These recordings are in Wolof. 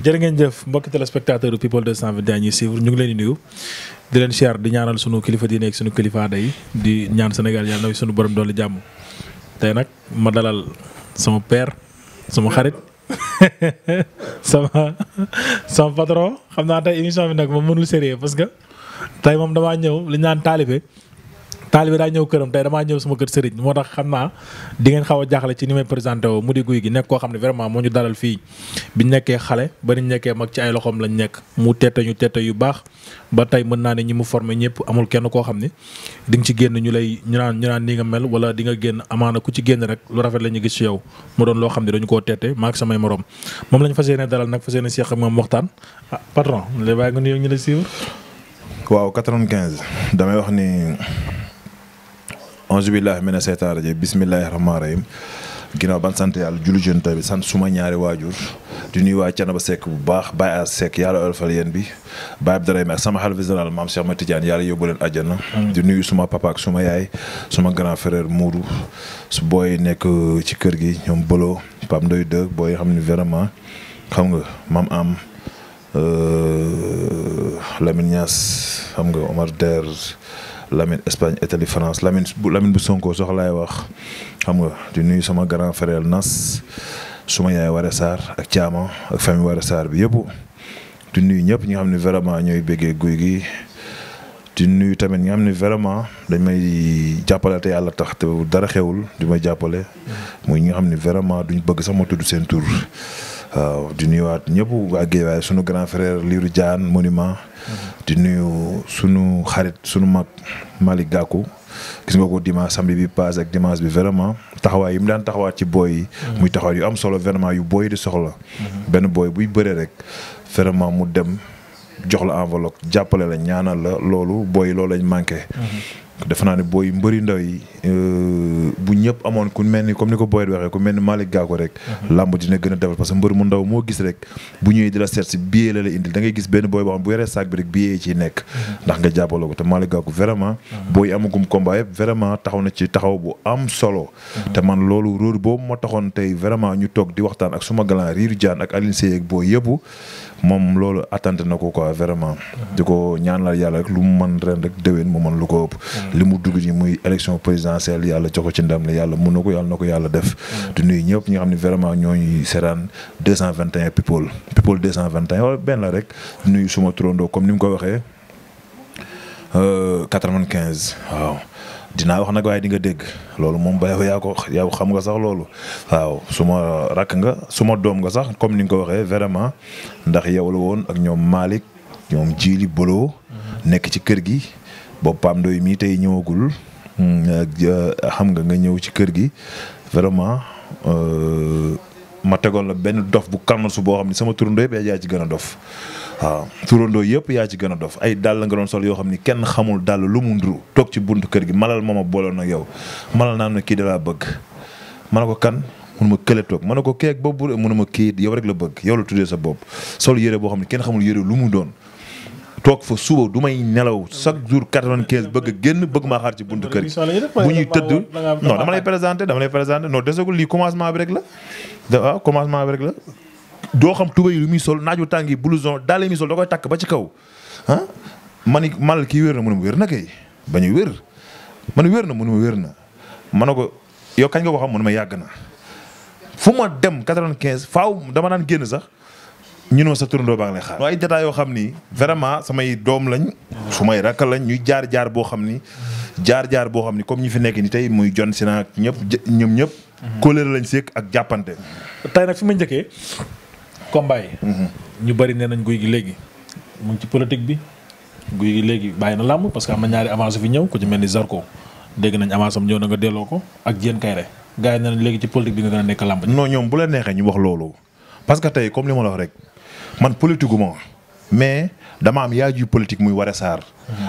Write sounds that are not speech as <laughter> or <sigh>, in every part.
jërë ngeen jëf mbokki téléspectateur people 221 ñuy suivre ñu ngi leen di nuyu di leen siyaar di ñaanal sunu kilifa di nekk sunu kilifa day di ñaan Sénégal yàlla na sunu borom doole jàmm tey nag ma dalal sama père sama xarit <laughs> sama sama patron xam naa tey émission bi nag ma mënul sérieux parce que tey moom damaa ñëw li ñaan taalibe taalibe daa ñëw këram tey damaa ñëw sama kër sëriñ moo tax xam naa di ngeen xaw a jaaxle ci ni may présenté mu di guy gi nekk koo xam ne vraiment moo ñu dalal fii biñ nekkee xale ba ñu nekkee mag ci ay loxoom lañu nekk mu tette ñu teete yu baax ba tey mën naa ne ñi mu formé ñëpp amul kenn koo xam ne di nga ci génn ñu lay ñu naan ñu naan ni nga mel wala di nga génn amaana ku ci génn rek lu rafet la ñu gis ci yow mu doon loo xam ne dañu koo tette maak samay morom moom lañ fas yéene dalal nag fas yéene seex ak moom waxtaan ah patron lay bàyyi nga nuyoo ñu lay siiw waaw 95 damay wax ni auzu billaahi mina seytaani rajiim bismillaahi rahmaani rahiim ginnaaw ban sant yàlla julli jënd bi sant suma ñaari waajur di nuyu waa Canaba Seck bu baax Baye As Seck yàlla oyofal yéen bi Baye Abdoulaye ak sama xalifa général maam Cheikh Ahmed Tidiane yàlla yóbbu leen àjjana. di nuyu suma papa ak suma yaay suma grand frère Mourou su booy nekk ci kër gi ñoom Bolo Pape dooy Dëgg booy xam ni vraiment xam nga maam am euh, Lamine xam nga Omar Der. Lamine Espagne Italie France Lamine bu Lamine bu Sonko soxlaay wax xam nga di nuyu sama grand frère Nas suma yaay Waré Sarr ak Thiama ak famille Waré Sarr bi yëpp di nuyu ñëpp ñi xam ne vraiment ñooy béggee guy gi. di nuyu tamit ñi nga xam ne vraiment dañ may jàppale te yàlla tax te dara xewul di ma jàppale muy ñu xam ne vraiment duñ bëgg sax ma tudd seen tur. waaw euh, di nuyuwaat ñëpp waa waaye suñu grand frère Lirou Diane monument. di nuyu suñu xarit suñu mag mali Gakou. gis nga ko dimanche samedi bi paase ak dimanche bi vraiment taxawaay yi mu daan taxawaat ci booy yi. Mm-hmm. muy taxawaat yu am solo vraiment yu booy di soxla. Mm-hmm. benn booy buy bëree rek vraiment mu dem jox la enveloppe jàppale la ñaanal la loolu booy loolu lañ manqué. Mm-hmm. defe naa ne booy yu mbëri ndaw yi euh, bu ñëpp amoon ku mel ni comme ni ko Boyed waxee ku mel ni Malick Gakou rek. Mhm. làmb dina gën a defar parce que mbër mu ndaw moo gis rek bu ñëwee di la seet si billet la la indil da ngay gis benn booy boo xam bu yoree saak bi rek billet yi ciy nekk. Mhm. ndax nga jàppaloo ko te Malick Gakou vraiment. Mhm. booy amagum combat yëpp vraiment taxaw na ci taxaw bu am solo. te man loolu róor boobu ma taxoon tey vraiment ñu toog di waxtaan ak suma galan Riiru Jaan ak Alioune Seye ak booy yëpp moom loolu attente na ko quoi vraiment. di ko ñaanal yàlla rek lu mu mën ren rek déwén mu mën lu ko ëpp li mu dugg ji muy élection présidentielle yàlla jox ko ci ndam la yàlla mun na ko yàlla na ko yàlla def. Mm. du nuyu ñëpp ñi nga xam ne vraiment ñooñu seraan 221 people people 221 wala benn la rek nuyu suma turandoo comme ni mu ko waxee 95 euh, waaw. dinaa wax nag waaye di nga dégg loolu moom ba yaa ko yow xam nga sax loolu waaw su ma rakk nga su ma doom nga sax comme ni nga ko waxee vraiment ndax yow la woon ak ñoom maalik ñoom Jili Bolo. Mm-hmm. nekk ci kër gi. boobu Pape Ndoye mii tey ñëwagul hmm, xam nga nga ñëw ci kër gi vraiment euh, ma tegoon la benn dof bu su boo xam ne sama turandoo yëpp yaa ci gën a dof waaw turandoo yëpp yaa ci gën dof ay dàll nga doon sol yoo xam ni kenn xamul dàll lu mu nduru toog ci buntu kër gi malal ma ma booloon ak yow malal naa ne kii da bëgg ma ne ko kan mun ma kële toog ma ne ko keeg boobu mun ma kii yow rek la bëgg yow la tuddee sa bopp sol yére boo xam ne kenn xamul yére lu mu doon toog fa suba du may nelaw chaque mm. jour 95 bëgg a génn bëgg maa xaar ci buntu kër bu ñuy tëdd non dama lay présenté dama lay présenté non desagul lii commencement commencement bi doo xam tuba yi lu muy sol naaju tàng yi blouson daal muy sol da koy takk ba ci kaw man ah? man kii wér na mu ne ma wér na kay bañu wér man wér na mu ne ma wér na ma ne ko yow kañ nga ko xam mu ma yàgg na fu ma dem 95 faaw dama naan génn sax ñu ne ma sa turandoo baa ngi xaar. waaye jotaay yoo xam ni vraiment samay doom lañ. su may rakk lañ ñuy jaar jaar boo xam ni. jaar jaar boo xam ni comme ñi fi nekk ni tey muy John Sina ak ñëpp ñoom ñëpp. kóoleel lañ seek ak jàppante. tey nag fi ma njëkkee. combat yi. Mhm. ñu bari nee nañ guy gi léegi mu bi. na làmb parce que am na ñaari avance fi ñëw ku ci mel ni a nekk làmb. non ñoom bu la neexee ñu wax loolu parce que tey comme li ma la wax rek. man politique ma mais dama am yaay ju politique muy Woré Sarr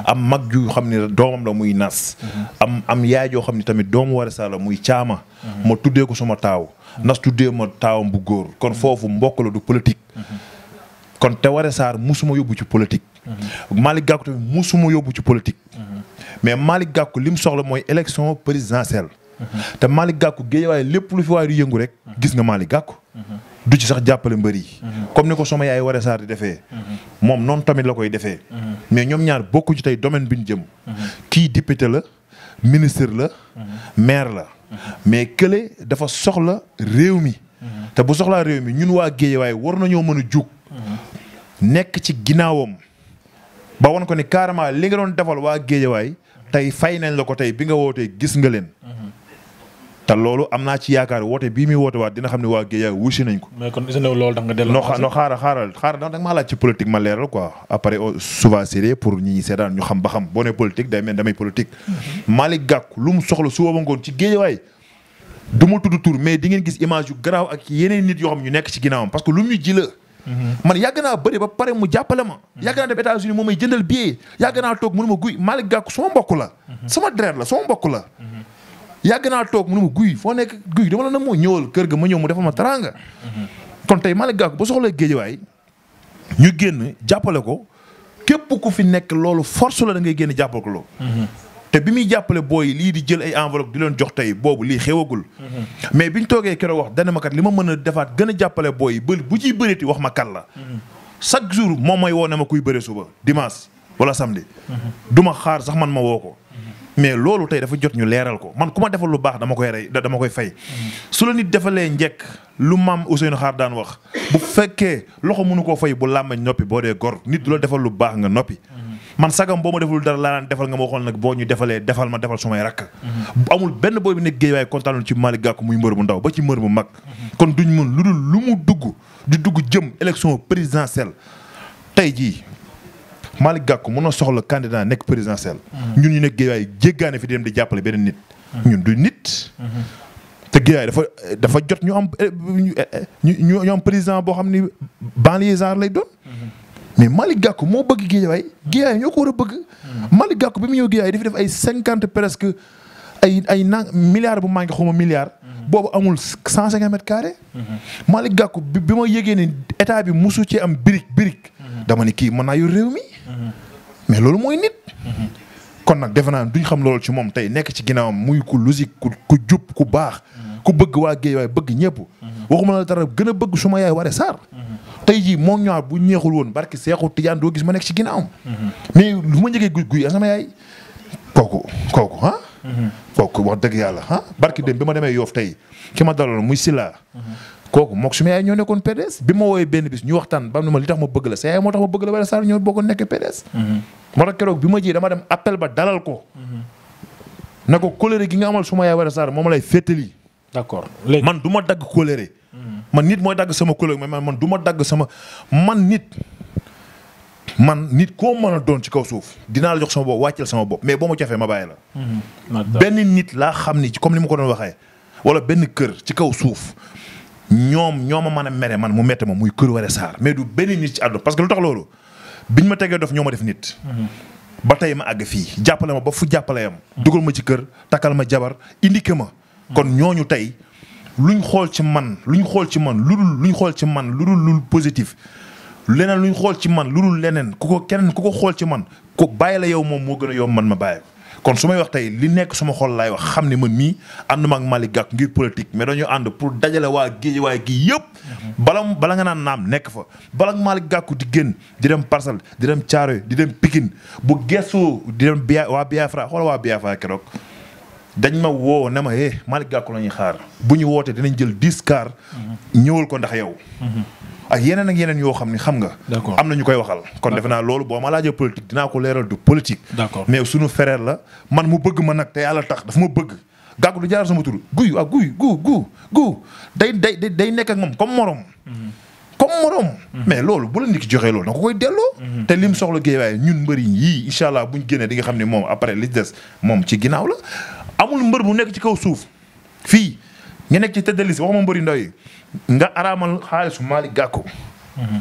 am mag ju xam ne doomam la muy nas am am yaay joo xam ne tamit doom Woré Sarr la muy caama ma tuddee ko sama taaw nas tuddee ma taawam bu góor kon foofu mbokk la du politique kon te Woré Sarr musuma yóbbu ci politique Malick Gakou tamit musuma yóbbu ci politique mais Malick gàkku li mu soxla mooy élection présidentielle te gàkku Gakou waaye lépp lu fi waay di yëngu rek gis nga maali gàkku du ci sax jàppale mbër yi. Mhm. comme ni ko sama yaay Woré Sarr di defee. Mhm. moom noonu tamit la koy defee. Mhm. mais ñoom ñaar bokku ci tey domaine bi ñu jëm. kii député la ministre la. maire la. mais kële dafa soxla réew mi. te bu soxlaa réew mi ñun waa Géejawaay war nañoo mën a jug. nekk ci ginnaawam. ba won ko ni carrément li nga doon defal waa Géejawaay tey fay nañ la ko tey bi nga wootee gis nga leen. te loolu am naa ci yaakaar woote bii muy woote waat dina xam ne waa Guèye wuusi nañ ko. mais kon is loolu xaaral xaaral xaaral da nga laaj ci politique ma leeral quoi après oh, souvent c'est pour ñi seetaan ñu xam ba xam boo nee politique day mel damay politique. Mm-hmm. Malick Gakou lu mu soxla suba ba ngoon ci Guédiawaye du tudd tur mais di ngeen gis image yu garaaw ak yeneen nit yoo xam ñu nekk ci ginnaawam parce que lu mu ji mm-hmm. man yàgg naa bëri ba pare mu jàppale ma. Mm-hmm. yàgg naa dem États-Unis moom may jëndal billet yàgg naa toog mënu ma guy Malick Gakou sama mbokk la. sama yàgg naa toog mu ne ma guy foo nekk guy dama la ne moo ñëwal kër ga ma ñëw mu defal ma teraanga. kon tey Malick Gakou ba soxla géejawaay ñu génn jàppale ko képp ku fi nekk loolu force la da ngay génn jàppale ko loolu. te bi muy jàppale booy lii di jël ay enveloppe di leen jox tey boobu lii xewagul. mais bi ñu toogee keroog wax dana ma kat li ma mën a defaat gën a jàppale booy ba bu ciy bëreeti wax ma kan la. chaque jour moom may woo ne ma kuy bëre suba dimanche wala samedi. du ma xaar sax man ma woo ko. mais loolu tey dafa jot ñu leeral ko man ku ma defal lu baax dama koy rey dama koy fay. su la nit defalee njekk lu maam Ousseynou Xaar daan wax bu fekkee loxo mënu koo fay bu làmmañ noppi boo dee gor nit du la defal lu baax nga noppi. man sagam boo ma deful dara laa naan defal nga ma waxoon nag boo ñu defalee defal ma defal sumay rakk. amul benn booy bi nekk géej waaye kontaanul ci Malick Gakou muy mbër bu ndaw ba ci mbër bu mag. kon duñ mun lu dul lu mu dugg di dugg jëm élection présidentielle tey jii. Malick Gakou mën na soxla candidat nekk présidentiel. ñun ñu nekk Guédiawaye jéggaane fi di dem di jàppale beneen nit. ñun du nit. te Guédiawaye dafa dafa jot ñu am eh, eh, eh, ñu ñu am président boo xam ni banlieusard lay doon. mais Malick Gakou moo bëgg Guédiawaye Guédiawaye ñoo ko war bi mu ñëw Guédiawaye dafa def ay cinquante presque ay ay na milliards bu manqué xuma milliards. boobu amul cent cinquante mètres carrés. Malick Gakou bi bi ma yëgee ni état bi mosu cee am birig mais loolu mooy nit. kon nag defe naa duñ xam loolu ci moom tey nekk ci ginnaawam muy ku logique ku ku jub ku baax. ku bëgg waa géej waaye bëgg ñëpp. waxuma la dara gën a bëgg suma yaay waree saar. tey jii moom ñaar bu ñeexul woon barki seexu tijaan doo gis ma nekk ci ginnaawam. mais lu ma njëkkee guy guy sama yaay. kooku kooku ah. wax dëgg yàlla ah barki dem bi ma demee yoof tey ki ma daloon muy Sila. kooku mook su ma yaay ñoo nekkoon PDS bi ma woowee benn bis ñu waxtaan ba am na ma li tax ma bëgg la sa yaay moo tax ma bëgg la wala Sarr ñoo bokkoon mm-hmm. keroog bi ma ji dama dem appel ba dalal ko. Mm-hmm. na ko colère gi nga amal su ma yaay wala Sarr moom lay fétali. d'accord léegi man du ma dagg colère. Mm-hmm. man nit mooy dagg sama colère mais man du ma dagg sama man nit. man nit koo mën a doon ci kaw suuf dinaa la jox sama bopp wàcceel sama bopp mais boo ma cofee ma bàyyi la. benn nit laa xam ni comme ni ma ko doon waxee. wala benn kër ci kaw suuf ñoom ñoo ma mën a mere man mu mette ma muy Kër Ware Sarr mais du benn nit ci àdduna parce que lu tax loolu biñ ma tegee dof ñoo ma def nit. ba tey ma àgg fii jàppale ma ba fu jàppale am. dugal ma ci kër takkal ma jabar indiqué ma. kon ñooñu tey luñ xool ci man luñ xool ci man lu dul xool ci man lu dul lu positif. leneen luñ xool ci man lu dul leneen ku ko keneen ku ko xool ci man ku bàyyi la yow moom moo gën a yow man ma bàyyi kon su may wax tey li nekk suma xol laay wax xam ne man mii ànduma ak Malick Gakou ngir politique mais dañu ànd pour dajale waa géej waaye gi yëpp. bala bala nga naan naam nekk fa bala Malick gàkku di gën di dem Parcelles di dem Thiaroye di dem Pikine bu gestu di dem Bia waa Biafra xoolal waa bi Biafra keroog. dañ ma woo ne ma eh Malick Gakou la ñuy xaar bu ñu wootee dinañ jël 10 car. Mhm. ñëwal ko ndax yow. Mhm. ak yeneen ak yeneen yoo xam ni xam nga. am na ñu koy waxal. kon defe naa loolu boo ma laajee politique dinaa ko leeral du politique. d'accord mais suñu frère la man mu ma nag te yàlla tax dafa ma bëgg. Ah gu gu gu day day day nekk ak moom comme morom. Mhm. comme morom. Mhm. mais loolu bu la nit ki joxee loolu da nga koy delloo. Mhm. te lim soxla géewaay ñun mbëri yii incha allah buñ génnee di nga xam ne moom après li des moom ci ginnaaw la amul mbër mu nekk ci kaw suuf fii. nga nekk ci tête de liste waxuma mbëri ndaw yi nga araamal xaalisu Malick Gakou. Mm-hmm.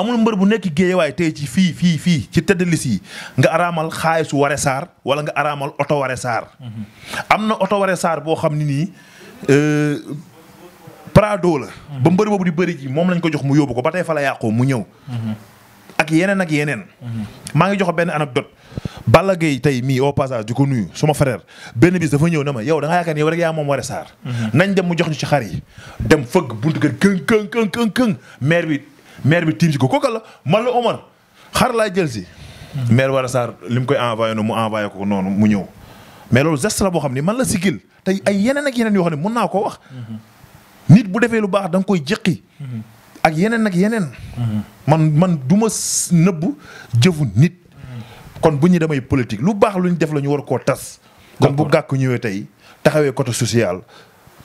amul mbër bu nekk géejewaay tey ci fii fii fii ci tête de nga araamal xaalisu Waré Sarr wala nga araamal oto Waré Sarr. Mm-hmm. am na oto Waré Sarr boo xam ne nii. Euh, Prado la. Mm-hmm. ba mbër boobu di bëri ji moom lañ ko jox mu yóbbu ko ba tey fa la yàqoo mu ñëw. ak yeneen ak yeneen. maa ngi jox benn anecdote. Balla Gaye tey mii au passage di ko nuyu suma frère benn bis dafa ñëw na ma yow da nga yaakaar ni yow rek yaa moom Woré Sarr. Mhm. nañ dem mu jox ñu ci xar yi. dem fëgg buntu kër këng këng këng këng këng bi maire bi tiim si ko kooka la man la Omar xar laa jël si. Mhm. maire Woré Sarr li mu koy envoyé noonu mu envoyé ko noonu mu ñëw. mais loolu geste la boo xam ne man la sigil tey ay yeneen ak yeneen yoo xam ne mun naa koo wax. Mhm. nit bu defee lu baax da nga koy ak yeneen ak yeneen. man man du ma nëbbu jëfu nit. kon bu ñu damay politique lu baax lu ñu def la ñu war koo tas. kon bu gàkk ñëwee tey taxawee côté social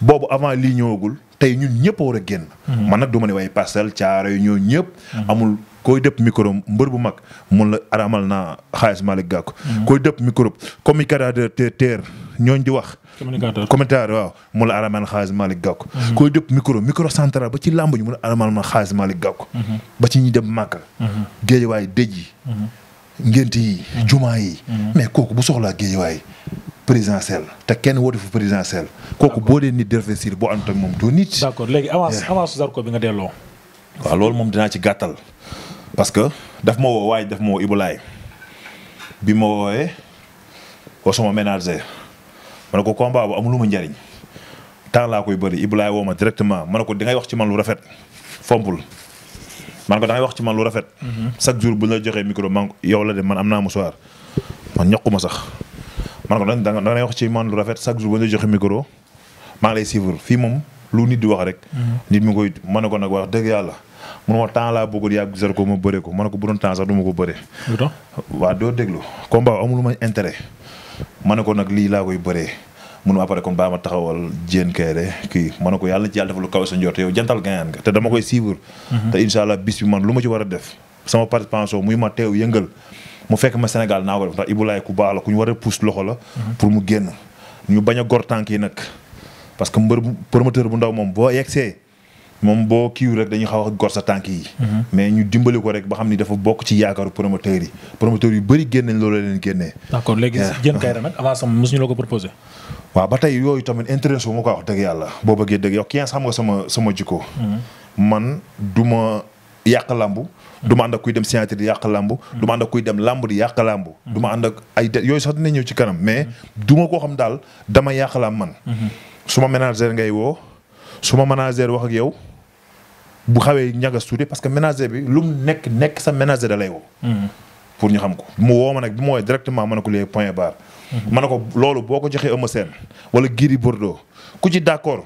boobu avant lii ñëwagul tey ñun ñëpp a war a génn. Mhm. man nag du ma ne waaye pastel caare yu ñoo ñëpp. Mhm. amul koy dëpp micro mbër bu mag mun la aramal naa xaalis Malick Gakou. Mhm. koy dëpp micro communicateur terre. ñooñ di wax. communicateur communicateur waaw mu la aramal xaalis Malick Gakou. Mhm. koy dëpp micro micro central ba ci làmb ñu mu la aramal ma xaalis Malick Gakou. Mhm. ba ci ñi dem Màkka. Mhm. géejewaay dëj yi. ngént yi jumaa yi. mais kooku bu soxlaa géejewaay présidentielle te kenn woote fu présidentielle. kooku boo dee nit d'investir boo ànd ak moom doo nit. d'accord léegi avance eh. avance Zarko bi nga delloo. waaw loolu moom dinaa ci gàttal. parce que daf ma woo waaye daf ma woo Ibou Laye bi ma ma ne ko combat bu ma njariñ temps laa koy bëri Ibou Laye woo ma directement ma ne ko dangay wax ci man lu rafet fompul man ko dangay wax ci man lu rafet. Mhm. chaque jour bu la joxee micro man yow la de man am naa mouchoir man ñaquma sax man ko danga dangay wax ci man rafet chaque jour bu la joxee maa lay suivre fii moom lu nit di wax rek. Mhm. nit mi koy ma ne ko nag wax dëgg yàlla. mun ma temps laa bëggoon yàgg gisal ko ma bëre ko ma ne ko bu doon temps sax du ma ko bëre. lu tax waaw doo déglu combat amul ma intérêt. ma ne ko nag lii laa koy bëree mun ma après kon baa ma taxawal jéen kayre kii ma ne ko yàlla ci yàlla defal lu kawe sa njort yow jantal gayaan nga te dama koy suivre. Mhm. te incha allah bis bi man lu ma ci war a def sama participation muy ma teew yëngal mu fekk ma Sénégal naa ko def ndax Ibulaay ku ñu war a pousse loxo la. Mhm. pour mu génn ñu bañ a gor tànk yi nag. parce que mbër promoteur bu ndaw moom boo yegsee moom boo kiiw rek dañuy xaw a gor sa tànk yi. Mm-hmm. mais ñu dimbali ko rek ba xam ni dafa bokk ci yaakaaru promoteur yi promoteur yu bëri génn nañ loolu leen génnee. d'accord léegi eh. Diène Kaïré nag avant sama mosuñu la ko proposé. waaw ba tey yooyu tamit intéressé wu ma ko wax dëgg yàlla boo bëggee dëgg yow kii xam nga sama sama jikko. Mm-hmm. man ma yàq lambu. du ma ànd ak kuy dem signature di yàq lambu. Mm-hmm. du ma ànd ak kuy dem lambu di yàq lambu. du ma ànd ak ay de yooyu sax dina ñëw ci kanam mais du ma koo xam daal dama yàq lamb man. su ma manager ngay woo su ma manager wax ak yow. bu xawee ñagas tuuti parce que ménager bi lu mu nekk nekk sa ménager da lay hmm. pour ñu xam ko mu woo ma nag bi ma woowee directement ma ne ko les point barre. Hmm. ma ne ko loolu boo ko joxee Eumeu Sène wala Gris Bordeaux ku ci d'accord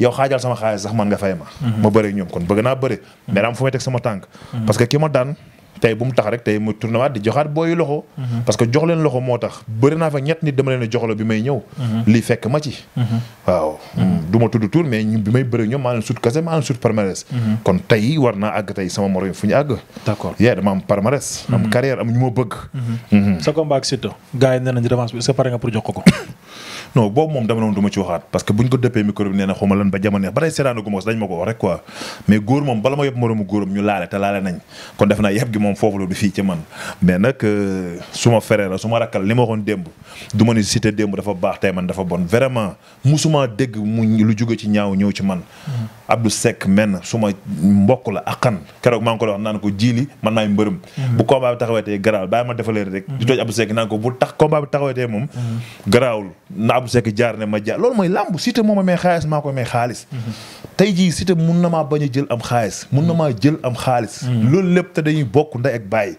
yow xaajal sama xaalis sax man nga fay ma. Hmm. ma bëri ñoom kon bëgg naa bëri. mais daam fu may teg sama tànk. parce que ki ma daan. tey bu mu tax rek tey mu tournewaat di joxaat booyu loxo. Mhm. parce que jox leen loxo moo tax bëri naa fa ñett nit dama leen a joxlo bi may ñëw. Mhm. lii fekk ma ci. Mhm. waaw du ma tudd tur mais ñu bi may bëri ñoom maa leen sut kase maa leen sut palmarès. kon tey war naa àgg tey sama morom fu ñu àgg. d'accord yee dama am palmarès. am carrière am ñu ma bëgg. sa combat ak Siteu gars yi nee nañu revanche bi est-ce que nga pour jox ko. <laughs> non boobu moom dama noonu ma ci waxaat parce que buñ ko dëppee micro bi nee xuma lan ba jamono ba tey seetaanu gu ko wax rek quoi mais ma yëpp moroomu naa euh, li ma waxoon démb du ma ni cité démb dafa baax tey man dafa bon vraiment musuma dégg mu lu jóge mm-hmm. la akan keroog maa ngi ko wax naan ko jiili man maay mbërëm mm-hmm. bu combat bi taxawee tey garaawul bàyyi ma defalee rek mm-hmm. di tooj Abdou Seck naan ko bu tax combat bi taxawee tey moom garaawul Abou Seck jaar ne ma jaar loolu mooy làmb Siteu moo a may xaalis maa ko may xaalis. tey jii Siteu mun na maa bañ a jël am xaalis. mun na maa jël am xaalis. loolu lépp te dañuy bokk ndey ak bàyyi.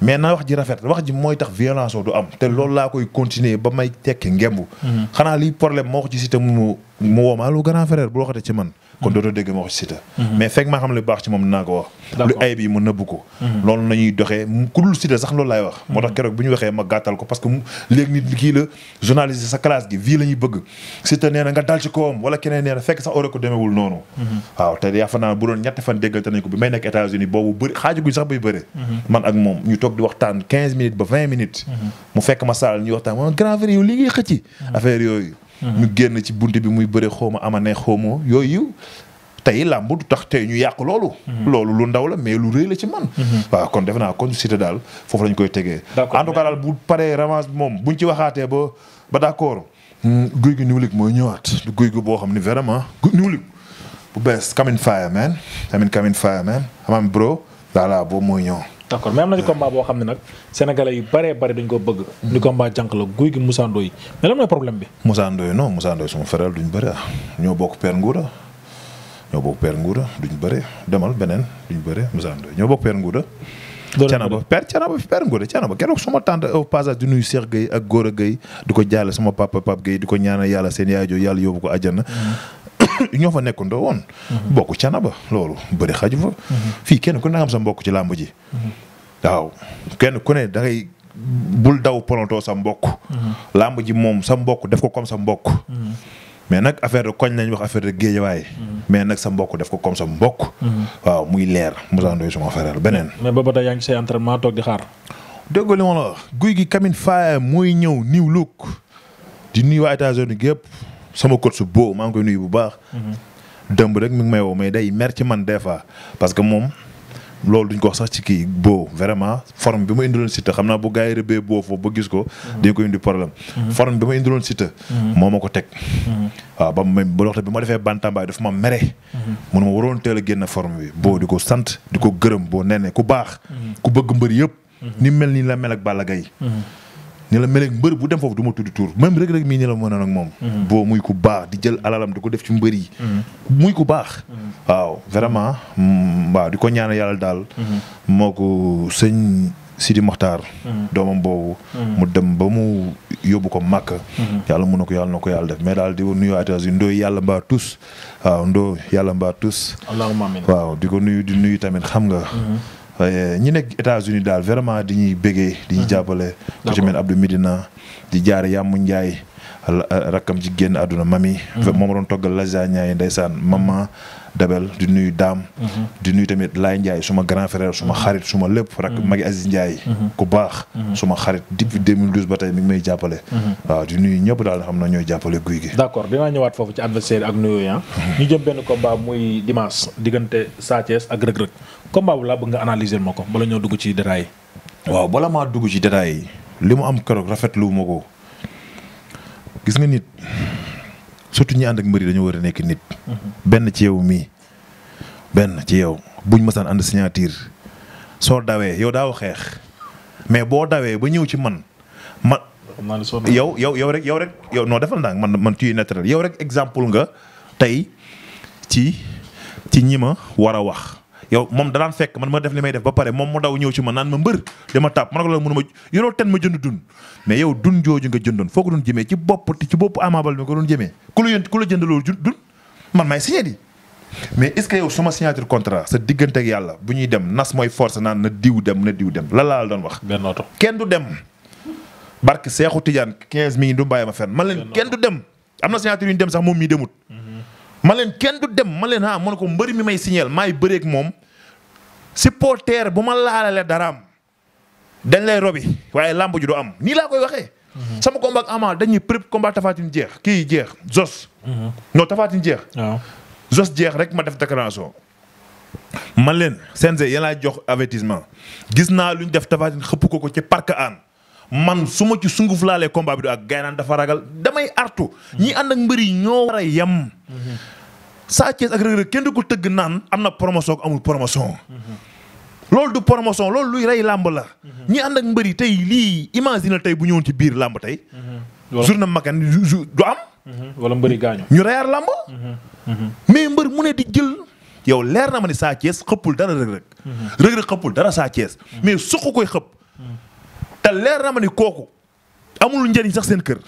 mais na wax ji rafet wax ji mooy tax violence du am te loolu laa koy continuer ba may tekki ngemb. Mhm. xanaa liy problème moo wax ci Siteu mu mu woo ma allo bu waxatee ci man. kon a dégg ma wax ci Siteu mhm. mais fekk maa xam lu baax ci moom dinaa ko wax lu ayib yi mu nëbb ko mhm. loolu nañuy doxee ku dul Siteu sax loolu laay wax moo tax mhm. nga dal ci kawam wala keneen nee fekk sax ore ko demeewul noonu waaw te yaa fa naan bu doon ñetti fan déggal te ko bi may nekk États-Unis boobu bëri xaajaguñ sax bay bëre man ak moom ñu toog di waxtaan quinze minutes ba vingt minutes mu fekk ma saal ñuy waxtaan moom grand frère yow li Mhm. ñu génn ci bunt bi muy bëre xooma ama ne xoomoo yooyu tey làmb du tax tey ñu yàq loolu. Mhm. loolu lu ndaw la mais lu rëy la ci man. Mhm. waaw kon def naa kon Siteu daal foofu lañu koy tegee. en tout cas daal bu paree revanche moom buñ ci waxaatee ba ba d'accord. Hmm, guy gi New League mooy ñëwaat guy gi boo xam ni vraiment New League bu bees coming fire man I mean coming fire man xam bro daal boobu mooy ñëw. d' accord na am nañu combat boo xam ne nag sénégalais yu bëree bëri dañ koo bëgg. ni combat jànq la guy gi Moussa mais lan mooy problème bi. Moussa Ndoye non Moussa Ndoye suma feral duñ bëri ah ñoo bokk Père Ngouda ñoo bokk Père Ngouda bëri demal beneen duñ bëri Moussa Ndoye ñoo bokk Père Ngouda. canaba per canaba fi per ngóode canaba keroog suma tànt au passage di nuyu Cheikh ak Gora Gueye di ko jaale sama papa Pape Gueye di ko ñaanal yàlla seen yaay joo yàlla yóbbu ko àjjana mm-hmm. <coughs> ñoo fa nekkandoo woon. Mhm. bokk cana ba loolu bëri xaju fa. Mhm. fii kenn ku ne am sa mbokk ci làmb ji. Mhm. waaw kenn ku ne da ngay bul daw polontoo sa mbokk. làmb ji moom sa mbokk def ko comme sa mbokk. mais nag affaire de koñ lañ wax affaire de géejawaay. mais nag sa mbokk def ko comme sa mbokk. waaw muy leer Moussa Ndoye suma frère beneen. mais booba tey yaa ngi say li ma la guy gi Kamin Faye mooy ñëw New Look di nuyu États-Unis gépp sama coach su boo maa ngi koy nuyu bu baax. Mhm. dëmb rek mi may woo mais day mer ci man des fois parce que moom loolu duñ ko wax sax ci kii boo vraiment forme bi ma indiloon Siteu xam naa bu gars yi rëbbee boo foofu ba ko. Mhm. dañ ko indi problème. Mhm. forme bi ma indiloon Siteu. moo ma ko teg. waaw ba ma ba waxtaan bi ma defee bantambaa dafa ma mere. mun ma waroon teel a génn forme bi boo di ko sant di ko gërëm boo nee ku baax. ku bëgg mbër yëpp. ni mel nii la mel ak Balla Gaye ni la mel mbër bu dem foofu du ma tudd tur même Reug Reug mii ni la mënoon ak moom. Mm-hmm. boo muy ku baax di jël alalam di ko def ci mbër yi. Mm-hmm. muy ku baax. Mm-hmm. waaw vraiment mm, waaw di ko ñaanal yàlla daal. moo ko sëñ Sidi Mokhtar. doomam boobu. mu dem ba mu yóbbu ko màkk. yàlla mun na ko yàlla ko yàlla def mais daal di ko nuyu états unis yàlla mbaa tous waaw yàlla mbaa tous. allahumma amiin waaw di ko nuyu tamit xam nga. ñi nekk États-Unis daal vraiment di ñuy bëggee. di ñuy mhm. jàppale. ku ci mel Abdou Medina di jaare Yàmmu Njaay rakkam ci génn àdduna mami. Mhm. moom doon toggal lasagne yi ndeysaan maman. Mhm. Dabel di nuyu Daam. Mhm. di nuyu tamit Laay Ndiaye suma grand frère suma mhm. xarit suma lépp. rak mhm. magi Aziz Ndiaye. ku baax. suma xarit depuis 2012 ba tey mi ngi may jàppale. waaw di nuyu ñëpp daal xam na ñooy jàppale guy gi. d' accord dinaa ñëwaat foofu ci adversaire ak nuyoo ya ah. ñu jëm benn combat muy dimanche diggante Sa Thiès ak Reug Reug combat bu laa bëgg nga analyser ma ko bala ñoo dugg ci détails waaw bala maa dugg ci détails yi li mu am keroog rafetlu ma ko gis nga nit. surtout ñi ànd ak mbër dañoo war a nekk nit. benn ci yow mii benn ci yow buñ mësaan ànd signature soo dawee yow daaw xeex mais boo dawee ba ñëw ci man man. yow yow yow rek yow rek yow noo defal naa man man ciy naturel yow rek exemple nga tey ci ci ñi ma war a wax. yow moom danaan fekk man ma def li may def ba pare moom mu daw ñëw ci ma naan ma mbër dama tàpp man ko loolu mënuma yoroo ten ma jënd dund mais yow dun jooju nga jëndoon foo ko doon jëmee ci bopp ci bopp Ama Baldé mi ko doon jëmee ku la jënd loolu dun man maay signé di mais est-ce que yow suma signature contrat sa diggante ak yàlla bu ñuy dem nas mooy force naan na diw dem na diw dem lan la doon wax. benn oto kenn du dem. barke Seexu Tijaan 15 mi du bàyyi ma fenn man leen kenn du dem am na signature yu ñu dem sax moom mii demut. Mhm. man leen kenn du dem man leen ah man ko mbëri mi may signeel maay bëreeg moom supporter bu ma laalalee daraam. dañ lay robi waaye làmb ji du am nii laa koy waxee. Mhm. sama combat ak Ama dañuy prép combat Tafatine jeex kii jeex Zos. Mhm. non Tafatine jeex. waaw jeex rek ma def déclaration. man leen CNG yéen laay jox avertissement gis naa lu ñu def Tafatine xëppu ko ko ci parc aan man su ma ci sunguf laalee combat bi du ak gaynaan dafa ragal damay artu. ñii mhm. ànd ak mbër ñoo war a yem. Sa Thiès ak Reug Reug kenn du ko tëgg naan am na promotion ak amul promotion. loolu du promotion loolu luy rey làmb la. ñi ànd ak mbëri tey lii imagine tey bu ñëwoon ci biir làmb tey. journée magan du am. wala mbëri gaañu. ñu reyaar làmb. mais mbër mu ne di jël. yow leer na ma ni Sa Thiès xëppul dara Reug Reug. Reug Reug xëppul dara Sa Thiès. mais suq koy xëpp. te leer na ma ni kooku amul njëriñ sax seen kër.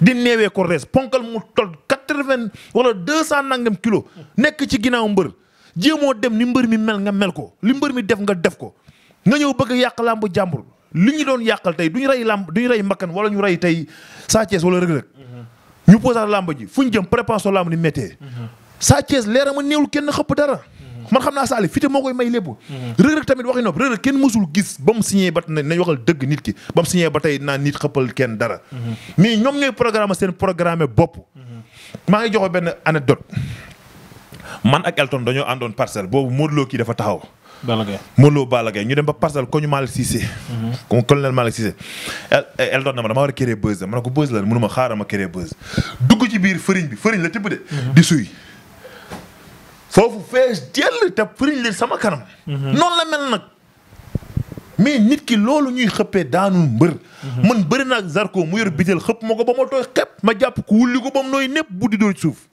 di neewee ko rees ponkal mu tol quatre-vingt wala deux nangam kilo nekk ci ginnaaw mbër. jéemoo dem ni mbër mi mel nga mel ko li mbër mi def nga def ko nga ñëw bëgg a yàq làmb jàmbur li ñu doon yàqal tey du ñu rey làmb du ñu rey mbakkan wala ñu rey tey Sa Thiès wala Reug Reug ñu posaat làmb ji fu ñu jëm préparation làmb ni méttee Sa Thiès leera a néewul kenn xëpp dara man xam naa saali fite moo koy may lépp Reug Reug tamit waxi nopp Reug kenn mësul gis ba mu signé ba nañ waxal dëgg nit ki ba mu signé ba tey naan nit xëppal kenn dara mhm. mais ñoom ñooy man ak Elton dañoo àndoon parcelle boobu Modou Lo kii dafa taxaw. Balla Gaye Modou Lo Balla ñu dem ba parcelle koñu Malick Cissé. comme mhm. colonel Malick Cissé. El eh, na ma dama war a créer buzz la ma ko buzz la mënuma xaaral ma créer buzz dugg ci biir fëriñ bi fëriñ la tibb de. Mhm. di suy. foofu fees jël te fëriñ li sama kanam. Mhm. noonu la mel nag. mais nit ki loolu ñuy xëppee daanu mbër. man bëri na ak Zarko mu yor bitel xëpp ma ko ba ma tooy xepp ma jàpp ko wulli ko ba mu nooy népp bu di doo ci suuf.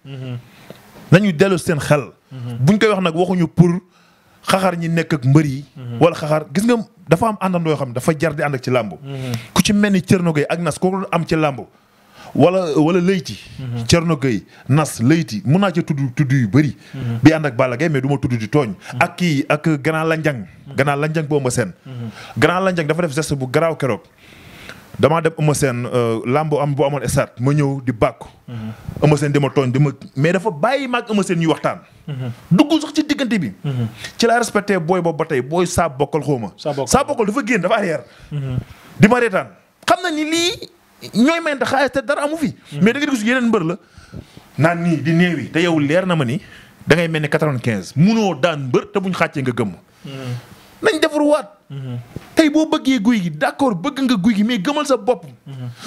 nañu dellu seen xel. buñ koy wax nag waxuñu pour xaxar ñi nekk ak mbër yi. wala xaxar gis nga dafa am àndandoo xam ne dafa jar di ànd ak ci làmb. ku ci mel ni Thierno Gueye ak Nas kooku am ci làmb. wala wala Leyti. Thierno Gueye Nas Leyti mun naa ca tudd tudd yu bëri. bi ànd ak Balla Gaye mais du tudd di tooñ. ak kii ak Grand Landiang. Grand Landiang boobu ma seen. Grand Landiang dafa def geste bu garaaw keroog. damaa dem Eumeu Sène euh, làmb am bu amoon estat ma ñëw di bàkku mhm. Eumeu Sène di ma tooñ di ma mais dafa bàyyi ma ak Eumeu Sène ñuy waxtaan mhm. dugg sax ci diggante bi mhm. ci laa respecté booy boobu ba tey booy saa bokkal xawma saa bokkal dafa génn dafa arrière di ma reetaan xam na ni lii ñooy mayante xaalis te dara amu fi mais da nga gis yeneen mbër la naan nii di néewi te yow leer na ma ni da ngay mel ni quatre vingt munoo daan mbër te buñ xàccee nga gëmm nañ defar tey boo bëggee guy gi d' accord bëgg nga guy gi mais gëmal sa bopp.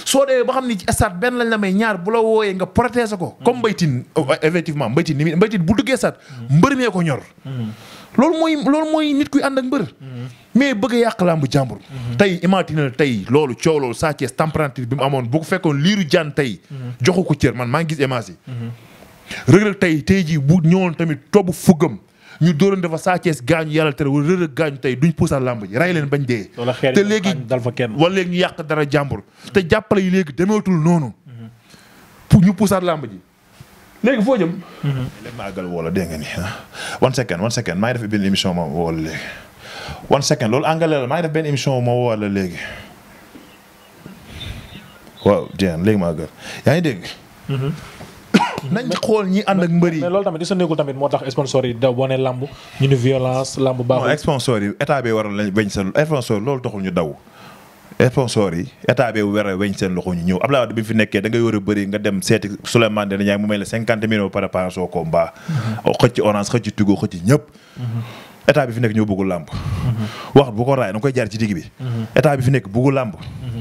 soo dee ba xam ni ci stade benn lañ la may ñaar bu la wooyee nga protéger ko. comme mbaytin effectivement mbaytin ni mbaytin bu duggee stade. mbër mee ko ñor. loolu mooy nit kuy ànd mbër. mais bëgg a yàq làmb jàmbur. tey imagine tey loolu coow loolu Sa Thiès température bi mu amoon bu ko fekkoon liiru jaan tey. joxu ko cër man maa ngi gis image yi. Reug Reug tey tey jii tamit tobu fugam ñu dóoroon dafa Sa Thiès gaañu yàlla tere wala rërëg gaañu tey duñ puusal làmb ji rey leen bañ dee te léegi wala léegi ñu yàq dara jàmbur te jàppale yi léegi demeetul noonu ñu puusal làmb ji léegi foo jëm léegi ma àggal woola dégg nga ni ah. one second one second maa ngi def benn émission loolu anglais la maa émission ma woola léegi waaw jéem léegi ma àggal yaa ngi dégg mm-hmm. nañ xool ñi ànd ak mbër yi. mais loolu tamit est nekkul tamit moo tax sponsor yi da wane lamb ñu ni violence lamb baaxul. non sponsor yi état bi waroon lañ bañ seen sponsor loolu taxul ñu daw. war a weñ seen loxo ñëw Abdoulaye Wade bi fi a la cinquante millions par mm-hmm. mm-hmm. fi nekk ñoo bëggul làmb. Mm-hmm. wax bu ko raay da nga koy jaar ci digg bi. état fi nekk bëggul làmb.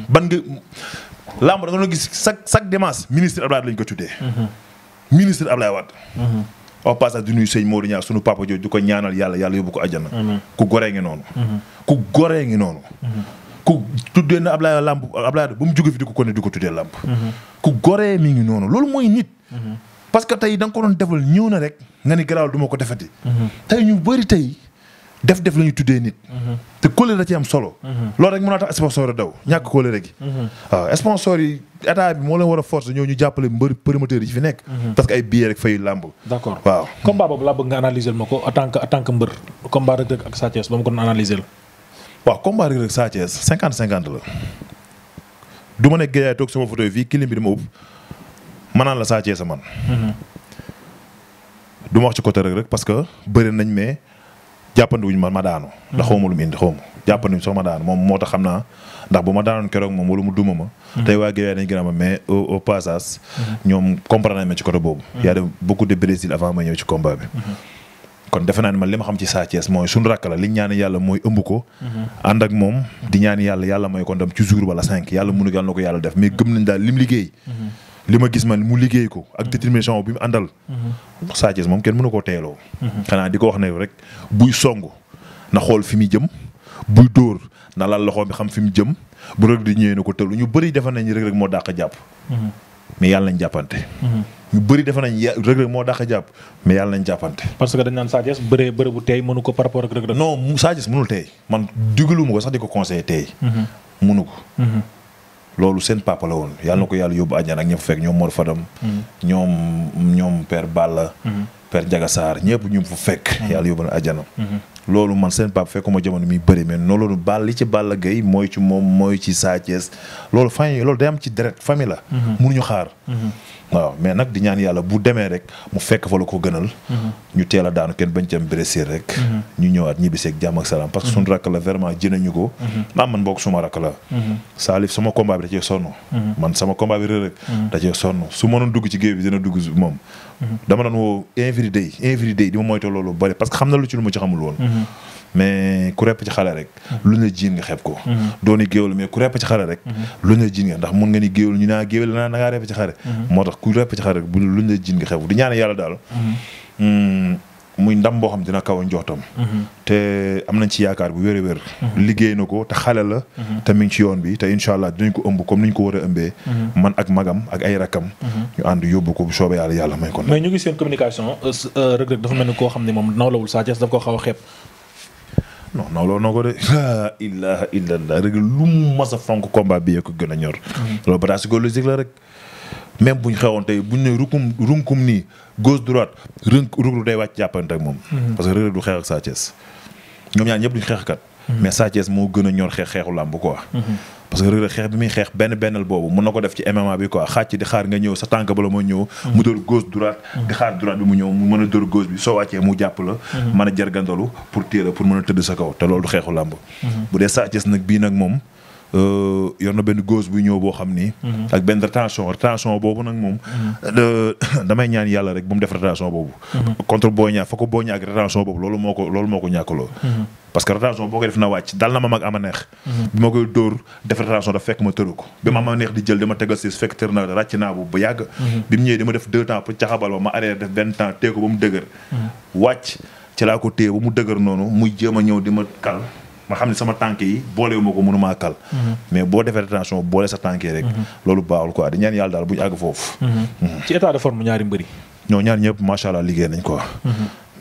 ban nga làmb da nga gis chaque dimanche ministre Abdoulaye lañ ko tuddee. ministre Ablaye Wade. au passage du nuyu sëñ Modou Niang sunu papa jooju di ko ñaanal yàlla yàlla yóbbu ko àjjana. ku goree ngi noonu. ku goree ngi noonu. ku tuddee na Ablaye làmb Ablaye ba mu jóge fi ko kone di ko tuddee làmb. ku goree mi ngi noonu loolu mooy nit. parce tey da nga ko doon ñëw na rek nga ni garaaw du ko defati. tey ñu bëri tey. def def la tuddee nit. Mhm. te kóolóore da ci am solo. Mhm. loolu rek mën naa tax a daw ñàkk kóolóore gi. Mhm. waaw sponsor yi état bi moo leen war a force ñoo ñu jàppale mbër promoteur yi fi nekk. ma ko en tant que en tant que mbër. combat Reug ak Sa Thiès ba ma ko doon analyser la. waaw combat Reug Reug Sa Thiès cinquante cinquante la. du ne géejaay toog sama photo fii kilim bi dama ëpp ma la Sa Thiès a man. du wax ci côté Reug Reug parce que bëri nañ mais. jàppandi wuñ ma ma daanu. ndax mhm. xaw ma lu mu indi xaw ma jàppandi moom moo tax xam naa ndax bu ma daanoon keroog moom wala mu duma ma. Mhm. tey waa Guèye dañ gën a ma mais au passage. Mhm. ñoom comprendre nañ ma ci côté boobu. de Brésil avant ma ñëw ci combat kon defe naa ne man li ma xam ci Sa mooy suñu rakk la li ñaan yàlla mooy ëmb ko. ànd moom di ñaan yàlla yàlla mooy kon ndam ci jour wala cinq yàlla mënu yàlla na ko yàlla def mais gëm nañ daal lim liggéey. li ma gis man mu liggéey ko ak mhm. détermination bi mu àndal. Mhm. Sa Thiès moom kenn mënu koo teeloo. Mhm. xanaa di ko wax ne rek buy song na xool fi na laal loxo bi xam fi mu jëm bu rek di ñëwee na ko tëlu ñu bëri defe nañ rek rek moo dàq jàpp. mais yàlla nañ jàppante. ñu bëri defe nañ Reug Reug moo dàq jàpp mais yàlla nañ jàppante. parce que dañ naan Sa Thiès bëree bëri bu teey mënu ko par rapport ak Reug Reug. non Sa teey man digalu ko sax di ko conseillé teey. mënu ko. loolu seen papa la woon yàlla na ko yàlla yóbbu àjjana ak ña fa fekk ñoom Mor Fadam. ñoom ñoom per Balla. Mhm. Père Ndiaga Sarr ñëpp ñu fa fekk. Mhm. yàlla yóbbu na àjjana. Mhm. loolu man seen pap fekkuma jamono mi bëri mais noonu loolu bal li ci Balla Gaye mooy ci moom mooy ci Sa loolu famille loolu day am ci deret famille la mënuñu mhm. xaar mhm. waaw mais nag di ñaan yàlla bu demee rek mu fekk fa la ko gënal mhm. ñu teel a daanu kenn bañ ci am rek ñu ñëwaat ñibbiseeg jàmm ak salaam parce que suñu rakk la vraiment jënañu ko maam ah, man bokk suma rakk la Salif sama combat bi da cee sonn man sama combat bi rek da cee sonn su mënoon dugg ci géew mais ku repp ci xale rek mm-hmm. lu ne jiin nga xeeb ko mm-hmm. dooni géewal mais ku repp ci xale rek mm-hmm. lu ne jiin nga ndax mun nga ni géewal ñu naa géewal naa dangaa repp ci xale moo tax di ñaan yàlla daal mm, muy ndam boo xam dina kaw a njoxtam te am nañ ci yaakaar bu wér a liggéey na ko te xale la te mi ngi ci yoon bi te incha allah dinañ ko ëmb comme ni ñu ko war a ëmbee man ak magam ak ay rakam ñu ànd yóbbu ko bu soobee yàlla yàlla may ko euh, euh, dafa mel ni koo xam ne moom nawlawul Sa Thiès daf ko xaw a non non loolu noo ko de laa ilaha illallah rek lu mas a fonk combat bi yee ko gën a ñor. Mhm. loolu bataille psychologique la rek. même bu ñu xewoon tey bu ñu ne rukum runkum nii gauche droite rënk ruglu day wàcc jàppante ak moom. Mhm. parce que Reug Reug du xeex ak Sa Thiès. ñoom ñaar ñëpp duñ xeexkat. Mhm. mais Sa moo gën a ñor xeex xeexu làmb quoi. parce que Reug xeex bi muy xeex benn bennal boobu mun na ko def ci MMA bi quoi xàcc di xaar nga ñëw sa tànk bala moo ñëw mm-hmm. mu dóor gauche droite nga mm-hmm. xaar droite bi mu ñëw mu mën a dóor gauche bi soo wàccee mu jàpp la mm-hmm. mën a jargandalu pour téer pour mën a tëdd sa kaw te loolu du xeexu làmb bu dee Sa Thiès nag bii nag moom euh, yor na benn gauche bu ñëw boo xam ni ak benn rétention rétention boobu nag moom euh, <coughs> damay ñaan yàlla rek bu mu def rétention boobu contre Boy Niang fa ko Boy Niang ak rétention boobu loolu moo ko loolu moo ko ñàkkaloo parce que rotation boo koy def na wàcc dal na ma mag ama neex mhm. bi ma koy dóor def rotation daf fekk ma tëru ko bi ma ama neex di jël dama tegal siis fekk tër na ràcc naa bu yàgg mhm. bi mu ñëwee dama def temps pour caxabal ba ma mhm. mu dëgër noonu muy jéem a ñëw di ma kal ma xam ne sama tànk yi boolewu ko mënu maa kal mais boo defee rotation boole sa tànk yi rek loolu baaxul quoi di ñaan yàlla daal bu ñu àgg foofu ci état de forme ñaari mbëri ñoo ñaar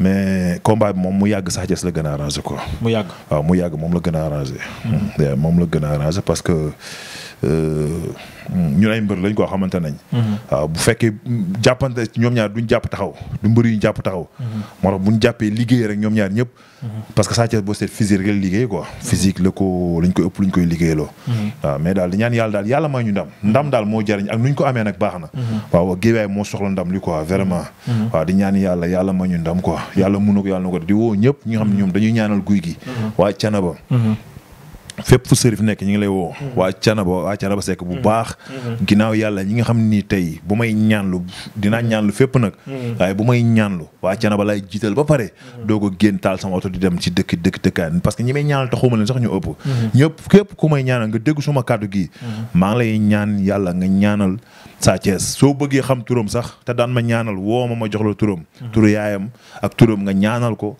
mais combat bi moom mu yàgg sax Thiès la gën a arrangé quoi. mu yàgg waaw mu yàgg moom la gën a arrangé. Hmm. Hmm, moom la gën a arrangé parce que. Euh, ñun ay mbër lañ koo xamante nañ. Mhm. waaw bu fekkee jàppante ñoom ñaar duñ jàpp taxaw du mbër yi jàpp taxaw. Mhm. moo tax bu ñu jàppee liggéey rek ñoom ñaar ñëpp. Mhm. parce que Sa Thiès boo seet physique rek liggéey quoi. la ko lañ koy ëpp luñ koy liggéeyloo. waaw mais daal di ñaan yàlla daal yàlla may ñu ndam ndam daal moo jariñ ak nuñ ko amee nag baax na. waaw géewaay moo soxla ndam li quoi vraiment. waaw di ñaan yàlla yàlla may ñu ndam quoi yàlla mënu ko yàlla na ko di woo ñëpp ñi nga xam ñoom dañuy ñaanal guy gi. waa Canaba. fépp fu sërif nekk ñi ngi lay woo. Mm-hmm. waa Canaba waa Canaba bu mm-hmm. baax. Mm-hmm. ginnaaw yàlla ñi nga xam ni tey bu may ñaanlu dinaa ñaanlu fépp nag. waaye bu may ñaanlu waa Canaba laay jiital ba pare. doo ko génn taal sama oto di dem ci dëkk dëkk dëkkaan parce que ñi may ñaanal taxuma leen sax ñu ëpp. ñëpp képp ku may ñaanal nga dégg suma kàddu gi. maa ngi lay ñaan yàlla nga ñaanal Sa Thiès soo bëggee xam turam sax te daan ma ñaanal woo ma ma jox la turam. turu yaayam ak turam nga ñaanal ko.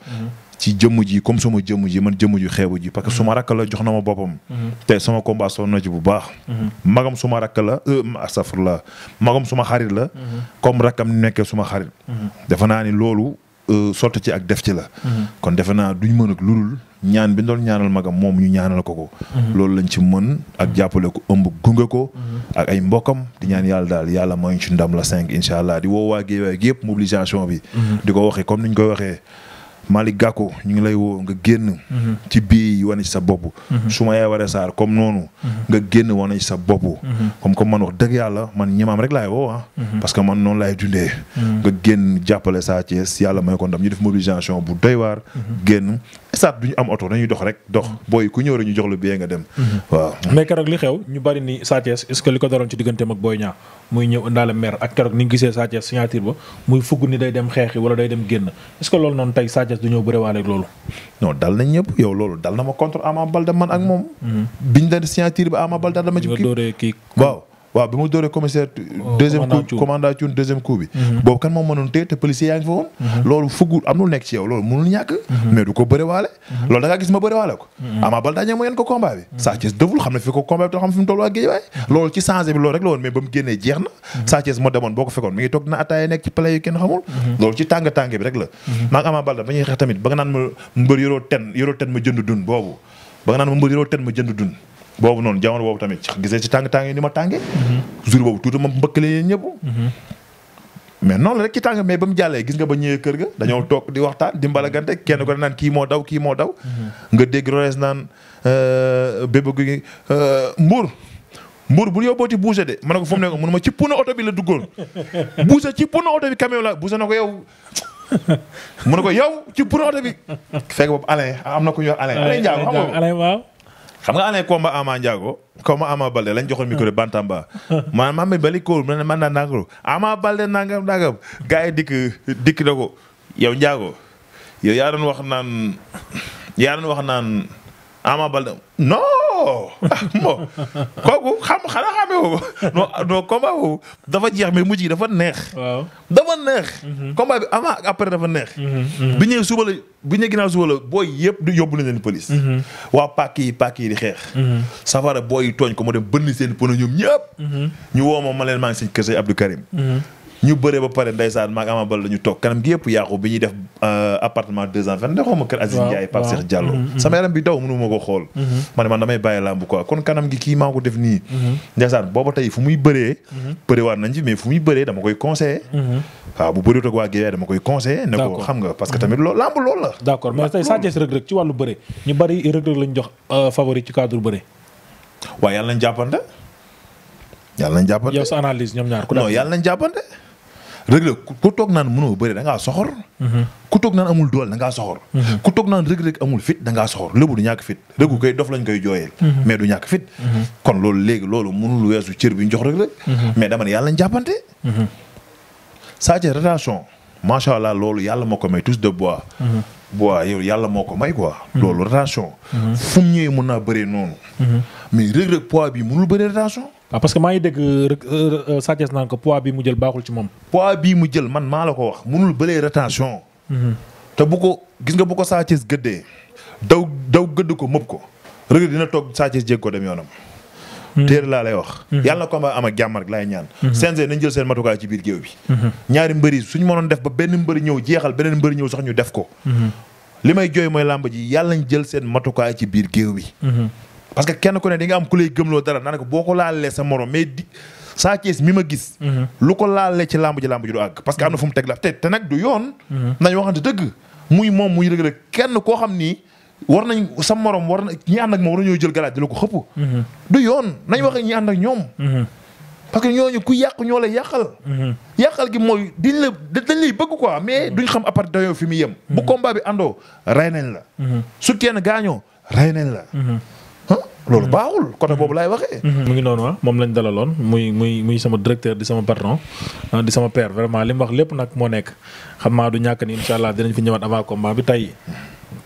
ci jëmm ji comme suma jëmm ji man jëmm ju xeebu ji parce que suma rakk la jox na ma boppam mhm. te sama combat sonn na ci bu baax mhm. magam suma rakk la euh, astafurlah magam suma xarit la mhm. comme rakkam nekkee suma naa ni loolu euh, sotti ci ak def ci la kon defe naa duñ mën ak ñaan bi doon ñaanal magam moom ñu ñaanal ko ko loolu lañ ci mën ak jàppale ko ëmb gunge ko ak ay mbokam di ñaan yàlla daal yàlla mooy ci ndam la cinq incha allah di woo waa Géewaay gi yëpp mobilisation bi di ko waxee waxee Malick Gakou ñu ngi lay woo nga génn. Mhm. ci bii wane ci sa bopp. Mhm. su ma Yaya Waré Sarr comme noonu. Mhm. nga génn wane ci sa bopp. comme comme man wax dëgg yàlla man ñemaam rek laay woo ah. parce que man noonu laay dundee. nga génn jàppale Sa Thiès yàlla may ko ndam ñu def mobilisation bu doy waar. génn stade du ñu am oto dañuy dox rek dox booy ku ñëw rek ñu jox la billet nga dem. Mhm. waaw mais keroog li xew ñu bari ni Sa Thiès est li ko daloon ci digganteem ak Boy Niang muy ñëw indaale mer ak keroog ni gisee Sa Thiès signature ba muy fugg ni day dem xeexi wala day dem génn est ce loolu noonu tey Sa du ñëw bëriwaale loolu. non dal nañ ñëpp yow loolu dal na ma contre Ama Balde man ak moom. Mhm. biñ leen signature bi Ama Balde dama ci. kii waaw waaw bi mu dooree commissaire. Oh, deuxième coup commandant Thioune deuxième bi. Mhm. boobu kan moo mënoon téye te policier yaa ngi fa woon. Mhm. loolu fugul am na nekk ci yow loolu mënul ñàkk. Mhm. mais du ko bëriwaale. loolu da gis ma bëriwaale ko. Ama Baldé dañu ko combat bi. Sa Thiès dëful xam ne fi ko combat bi te xam fi mu toll waa géej waaye. na. Sa Thiès moo demoon boo ko fekkoon mi ngi toog na ataaya nekk ci palais yu kenn xamul. loolu ci tàng tàng bi rek la. maa ngi Ama Baldé ba ñuy xeex tamit ba nga naan ma mbër yoroo ten yoroo ten ma jënd ma mbër yoroo ten boobu noonu jamono boobu tamit gisee ci tàng tàng ni ma tàngee. Mhm. jour boobu tuuti ma mbëkkale yéen ñëpp. Mhm. mais noonu rek ci tàng mais ba mu jàllee gis nga ba ñëwee kër ga dañoo toog di waxtaan di mbalagante kenn ko naan kii moo daw kii moo daw. Mhm. nga dégg Royes naan euh, bébé gi euh, Mbour. Mbour bu yóbboo ci bouse de ma ne ko fu ne ko mënuma ci pono oto bi la duggoon <laughs> bouse ci pono oto bi camion la bouse na ko yow. <laughs> mu ne ko yow ci pono oto bi fekk boobu Alain am na ko yor Alain. Alain Ndiago xam nga waaw. xam nga année combat Ama Ndiago combat Ama Balde lañ joxoon micro Bantamba man maa mi bali kóol man man naa nangam Ama Balde nangam nangam gars dikk dikk na ko yow Ndiago yow yaa doon wax naan yaa Ama Baldé non moom kooku xam xanaa xamee woo non non combat boobu dafa jeex mais mujj yi dafa neex. waaw dafa neex. Mhm. combat bi avant après dafa neex. Mhm, mhm. bi ñëwee suba la bi ñëwee ginnaaw suba la booy yëpp du yóbbu nañ leen police. waa pàkk yi pàkk yi di xeex. safara booy yi tooñ ko mu dem bënn seen pono ñoom ñëpp. ñu woo ma ma leen maa ngi si kër Abdou Karim. ñu bëre ba pare ndeysaan maag Ama Baldé la ñu toog kanam gi yëpp yàqu bi ñuy def euh, appartement deux cent vingt xaw ma kër Aziz Ndiaye Pape Cheikh Diallo mm-hmm, mm-hmm. sama yaram bi daw mënu ma ko xool mm-hmm. ma ne man damay bàyyi làmb quoi kon kanam gi kii maa ko def nii ndeysaan booba tey fu muy bëree bëriwaat nañ ci mais fu muy bëree dama koy conseillé waaw bu bëriwut ak waa Guèye dama koy conseillé ne ko xam nga parce que tamit loolu làmb loolu la d'accord mais tey Sa Thiès Reug Reug ci wàllu bëre ñu bari Reug Reug lañ jox euh, favori ci cadre bëre waaw yàlla nañ jàppante yàlla nañ jàppante yow sa analyse ñoom ñaar ku non yàlla nañ jàppante Reug Reug ku toog naan mënoo bëre da ngaa soxor. Mhm. ku toog naan a doole da ngaa soxor. Mhm. ku toog naan Reug Reug amul fit da ngaa soxor lébu du ñàkk fit mhm. Reug koy dof lañ koy jooyeel. mais du ñàkk fit. kon loolu léegi loolu mënul weesu cër bi ñu jox Reug Reug. mais dama ne yàlla nañ jàppante. saa ca relation macha allah loolu yàlla moo ko may tous de bois. bois moo ko may quoi. loolu relation. fu ñëwee mën naa bëree noonu. mais Reug Reug poids bi mënul bëree relation. Ah, parce que maa ngi dégg euh, Sa Thiès naan ko pois bii mu jël baaxul ci moom. pois bii mu jël man maa la ko wax munul bëlee rétention. Mm-hmm. te bu ko gis nga bu ko Sa gëddee daw daw gëdd ko mëb ko rëgg dina toog Sa Thiès ko dem yoonam. Mm-hmm. téere laa lay wax. Mm-hmm. yàlla na combat am ak jàmm rek laay ñaan. CNG nañ jël seen matukaay ci biir géew bi. ñaari mbëri suñu mënoon def ba benn mbëri ñëw jeexal beneen mbëri ñëw sax ñu def ko. li may jooy mooy làmb ji yàlla nañ jël seen matukaay ci biir géew bi. parce que kenn ku ne di nga am ku lay gëmloo dara naa ne ko boo ko laalee sa morom mais di Sa Thiès mi ma gis. Mhm. lu ko laalee ci làmb ji làmb ji du àgg. parce que am na fu mu teg la te nag du yoon. Mhm. nañ waxante dëgg. muy moom muy Reug Reug kenn koo xam ni war nañ sa morom war na ñi ànd ak moom war jël galaaj di la ko xëpp. Mhm. du yoon nañ wax ak ñi ànd ñoom. parce que ñooñu ku yàq ñoo la yàqal. yàqal gi mooy diñ la dañ lay bëgg quoi mais duñ xam apart dayoo fi mu yem. bu combat bi àndoo rey nañ la. su kenn gaañoo rey nañ la. loolu baaxul côté boobu laay waxee. Mhm, mu ngi noonu ah moom lañ dalaloon muy muy muy sama directeur di sama patron ah, di sama père vraiment li mu wax lépp nag moo nekk xam maa du ñàkk ni incha allah dinañ fi ñëwaat avant combat bi tey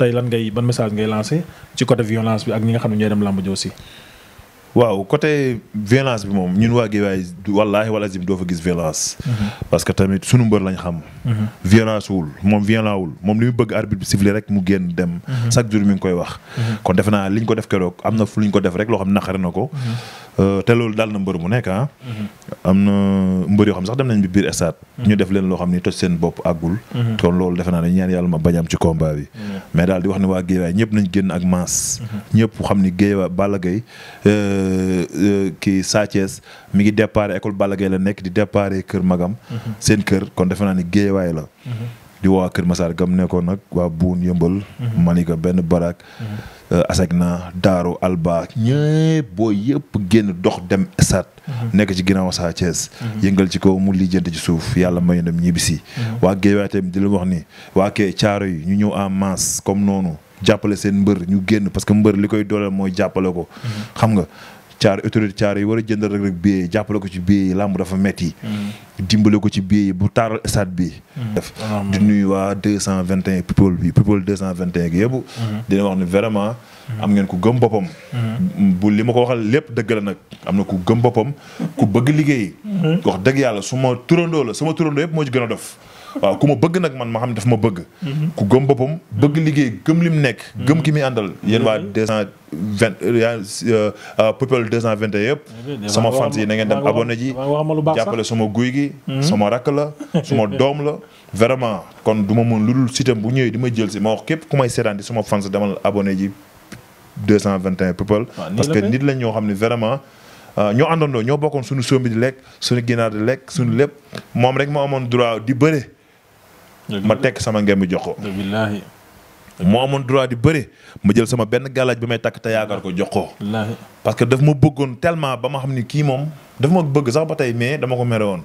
tey lan ngay ban message ngay lancé ci côté violence bi ak ñi nga xam ne ñooy dem làmb ji aussi. waaw côté violence bi moom ñun waa Guédiawaye wallaahi wala zim doo fa gis violence. Mhm. parce que tamit sunu mbër lañ xam. Mhm. violence wul moom violent wul moom li mu bëgg arbitre bi rek mu génn dem. Mhm. chaque jour mi ngi koy wax. kon defe naa liñ ko def keroog am na fu liñ ko def rek loo xam naqare na ko. Euh, te loolu daal na mbër mu nekk ah. Mm-hmm. am na mbër yoo xam sax dem nañ bi biir stade. Mm-hmm. ñu def leen loo xam ni toj seen bopp àggul. kon mm-hmm. loolu defe naa ne ñaan yàlla ma bañ am ci combat bi. mais daal di wax ne waa Guédiawaye ñëpp nañ génn ak maas. ñëpp xam ni Guédiawaye Balla Gaye euh, euh, kii Sa mi ngi départ école Balla la nekk di départ kër Magam. seen kër kon defe naa ni Guédiawaye la. di waa Kër Massar gam nekkoon nag waa Boune yëmbal. Malika benn barak. Euh, Asegna Daaru Alba ñëpp boo yëpp génn dox dem esat mhm. nekk ci ginnaaw Sa Thiès mhm. yëngal ci kaw mu li lijjanti ci suuf yàlla may dem ñibbisi mhm. waa Géejawaay tamit di la wax ni waa kee caaro yi ñu ñëw en masse comme noonu jàppale seen mbër ñu génn parce que mbër li koy dooleel mooy jàppale ko xam nga caar autorité caar yi war a jëndal rek rek billet yi jàppale ko ci billet yi làmb dafa metti mm. dimbale ko ci billet yi bu taaral stade bi mm. def ah, di nuyu waa deux cent vingt et un people bi people deux cent vingt et un gi yëpp mm-hmm. dina wax ne vraiment mm-hmm. am ngeen ku gëm boppam mm-hmm. bu li ma ko waxal lépp dëgg la nag am na ku gëm boppam ku bëgg liggéey wax dëgg yàlla su turandoo la sama turandoo yëpp moo ci gën a dof waaw ku ma bëgg nag man ma xam daf ma bëgg. Mhm. ku gëm boppam bëgg liggéey gëm lim nekk. gëm ki mhm. muy àndal yéen waa mhm. deux cent vingt euh, yaa euh, euh, People deux cent vingt et yëpp. sama fans yi na ngeen dem ji jàppale sama guy gi. sama rakk la sama <laughs> doom la. vraiment kon du ma mën lu dul sitam bu ñëwee di ma jël si ma wax képp ku may seetaan di sama fans demal abonné ji deux parce que nit la ñoo xam ne vraiment. ñoo àndandoo ñoo bokkoon suñu sombi di lekk suñu ginaar di lekk suñu lépp moom rek moo amoon ma tekk sama ngemb jox ko. wallaahi. moo amoon droit di bëre ma jël sama benn gàllaaj bi may takk te yaakaar ko jox ko. parce que daf ma bëggoon tellement ba ma xam ni kii moom daf ma bëgg sax ba tey mais dama ko mere woon.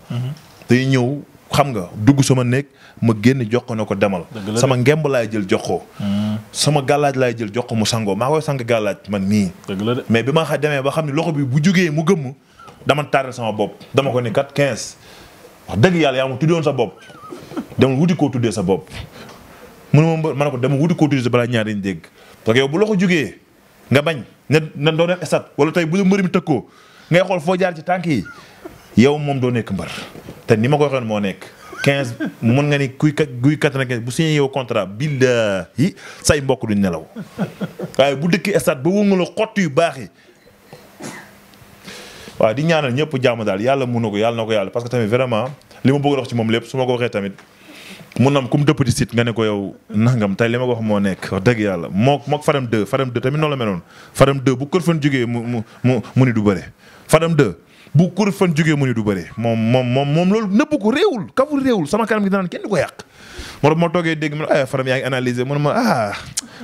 tey mhm. ñëw xam nga dugg sama néeg ma génn jox ko na ko demal. sama ngemb laay jël jox ko. Mhm. sama gàllaaj laay jël jox ko mu sangoo maa koy sang gàllaaj man nii. mais bi ma xa demee ba xam ni loxo bi bu jugee mu gëmm dama taaral sama bopp dama ko ni kat quinze. wax dëgg sa bopp dama wuti koo tuddee sa bopp mu ne ma mbër ma ne ko dama wuti koo tuddee sa balaa ñaari ñu dégg parce que yow bu loxo jógee nga bañ ne na doo nekk wala tey bu la mbër mi tëkkoo ngay xool foo jaar ci tànk yi yow moom doo nekk mbër te ni ma ko waxee moo nekk 15 mën nga ni kuy kuy 95 bu signé yow contrat billahi say mbokk duñ nelaw waaye bu dëkk estat ba wëngaloo xott yu baax yi. waaw di ñaanal ñëpp jàmm daal yàlla mun na ko yàlla na ko yàlla parce tamit vraiment. li ma bëgg a wax ci moom lépp su ma ko waxee tamit mun na am ku mu dëpp di site nga ne ko yow nangam tey li ma ko wax moo nekk wax dëgg yàlla moo mook Fadam 2 Fadam 2 tamit noonu la meloon Fadam 2 bu kër fan jógee mu mu mu mu du bëre Fadam 2 bu kër fan jógee mu ni du bëre moom moom moom moom loolu nëbb ko réewul kaful réewul sama kanam gi danaan kenn du ko yàq moo moo toogee dégg mu ne ah faram yaa ngi analysé ma ah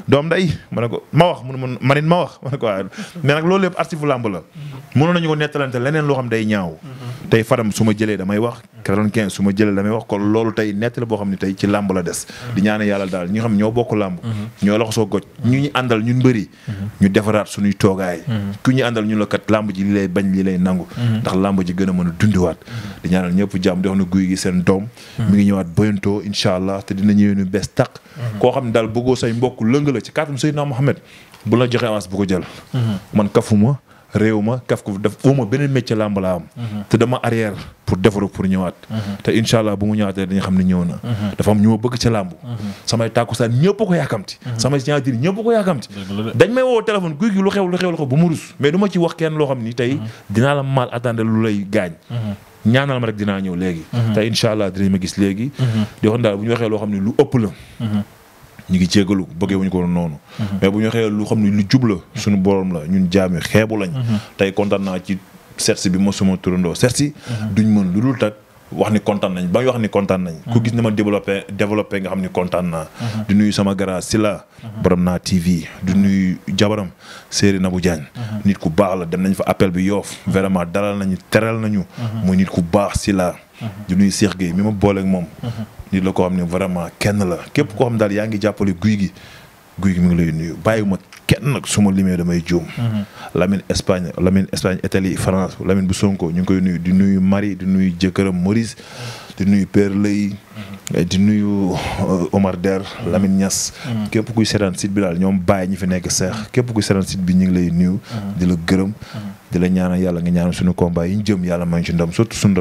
doom day ma ne ko ma wax mu ne ma manit ma wax ma ne ko ah loolu lépp artifu làmb la mënoon nañu ko nettalante leneen loo xam day ñaaw tey faram su ma jëlee damay wax 95 su ma jëlee damay wax kon loolu tey nettali boo xam ne tey ci làmb la des di ñaan yàlla daal ñu nga xam ñoo bokk làmb ñoo la soo goj ñu ñu àndal ñun bëri ñu defaraat su suñuy toogaay ku ñu àndal ñu la kat làmb ji li lay bañ li lay nangu ndax làmb ji gën a mën a dundiwaat di ñaanal ñëpp jàmm di wax seen doom mi ngi ñëwaat boyantoo incha allah te dina ñëwee nu bees tàq. Mhm. koo xam ne daal bëggoo say mbokk lëng la ci kàttan Seydina Mohamed bu la joxee avance bu ko jël. Mhm. man kafuma réew ma kaf ko def uma beneen métier làmb laa am. Mhm. te dama arrière pour defaru pour ñëwaat. Mhm. te incha allah bu mu ñëwaatee dañu xam ne ñëw na. Mhm. dafa am ñu ma bëgg ca làmb. samay tàkkusaan ñëpp ko yàkkamti. samay signature ñëpp ko yàkkamti. dañ may woo téléphone guy lu xew lu xew lu xew bu mu rus mais du ma ni lu lay ñu ngi jégalu bëggee wuñu ko noonu mhm. mais bu ñu waxee lu xam ne lu jub suñu borom la ñun jaami xeebu lañ mhm. tey kontaan naa ci seet si bi ma suma turandoo seet si mhm. duñ mën lu dul tak wax ni kontaan nañ ba ñu wax ni kontaan nañ ku gis ne ma développé développé nga xam ni kontaan naa nuyu sama gara Sila borom naa TV du nuyu jabaram na bu Diagne nit ku baax la dem nañ fa appel bi yoof vraiment dalal nañu teral nañu muy nit ku baax Sila du nuyu Cheikh Gueye mi ma booleeg moom nit la ko xam ne vraiment kenn la képp ko xam daal yaa ngi jàppale guy gi guy gi mu ngi lay nuyu ma kenn nag su ma limee damay juum. Mhm. Lamine Espagne Lamine Espagne Italie France Lamine bu Sonko ñu ngi koy nuyu di nuyu Marie di nuyu jëkkëram Maurice di nuyu Père Lay mhm. di nuyu euh, Omar Der mhm. Lamine Niass. képp kuy seetaan site bi daal ñoom bàyyi ñi fi nekk seex képp kuy seetaan site bi ñu ngi lay nuyu. di la gërëm. di la ñaanal yàlla nga ñaanal suñu combat yi ñu jëm yàlla may ci ndam surtout suñu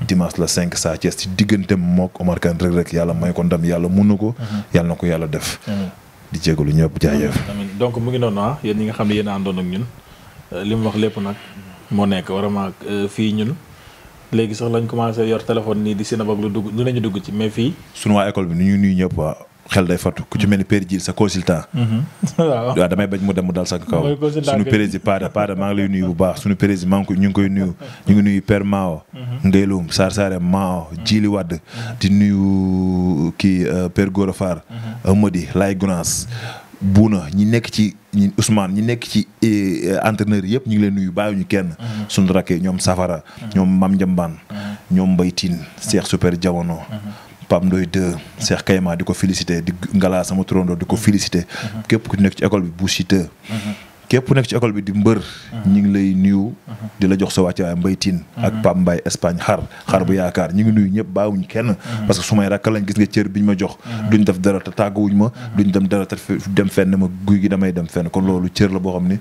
dimanche la cinq Sa Thiès ci digganteem mook Omar rek rek yàlla may ko ndam yàlla mun na ko. Mhm. yàlla na ko yàlla def. di jégalu ñëpp jaajëf. donc mu ngi noonu ah yéen ñi nga xam ne yéen a àndoon ñun li mu wax lépp nag moo nekk vraiment euh, fii ñun. léegi sax lañ commencé yor téléphone nii di sinab ak lu dugg lu nañu dugg ci mais fii. sunu waa école bi nu ñuy nuyu ñëpp xel day fattu ku ci mel ni Père Djil sa consultant. Mhm. <laughs> waaw damay bañ mu dem mu dal sa kaw. mooy consultant sunu Paada Paada maa ngi lay nuyu bu baax sunu président maa ngi ko ñu ngi nuyu. ñu ngi nuyu Père mhm. Saare Mao Djili Wadd mhm. di nuyu kii euh, Père Gora Faar. Amady Laye Gunaas. buuna ñi nekk ci ñi ñi nekk ci eh, eh, entraîneur yëpp ñu ngi leen nuyu bàyyiwuñu kenn. Mhm. suñu rakkee ñoom Safara. Mhm. ñoom Mam Njambaan. Mhm. ñoom mbaytin Tine. Cheikh Super Jamono. Pape Ndoye 2. Cheikh Kayma di ko félicité di Ngala sama turandoo di ko félicité. képp ku nekk ci école bi Bouchiteux. képp nekk ci école bi di mbër. ñu ngi lay nuyu. di la jox sa wàccuwaay Mbaye Tine. ak Pape mbay Espagne xar xar bu yaakaar ñu ngi nuyu ñëpp bàyyiwuñ kenn. parce que su may rakk lañ gis nga cër biñ ma jox. duñ def dara te tàgguwuñ ma. duñ dem dara te dem fenn ma guy gi damay dem fenn kon loolu cër la boo xam ni.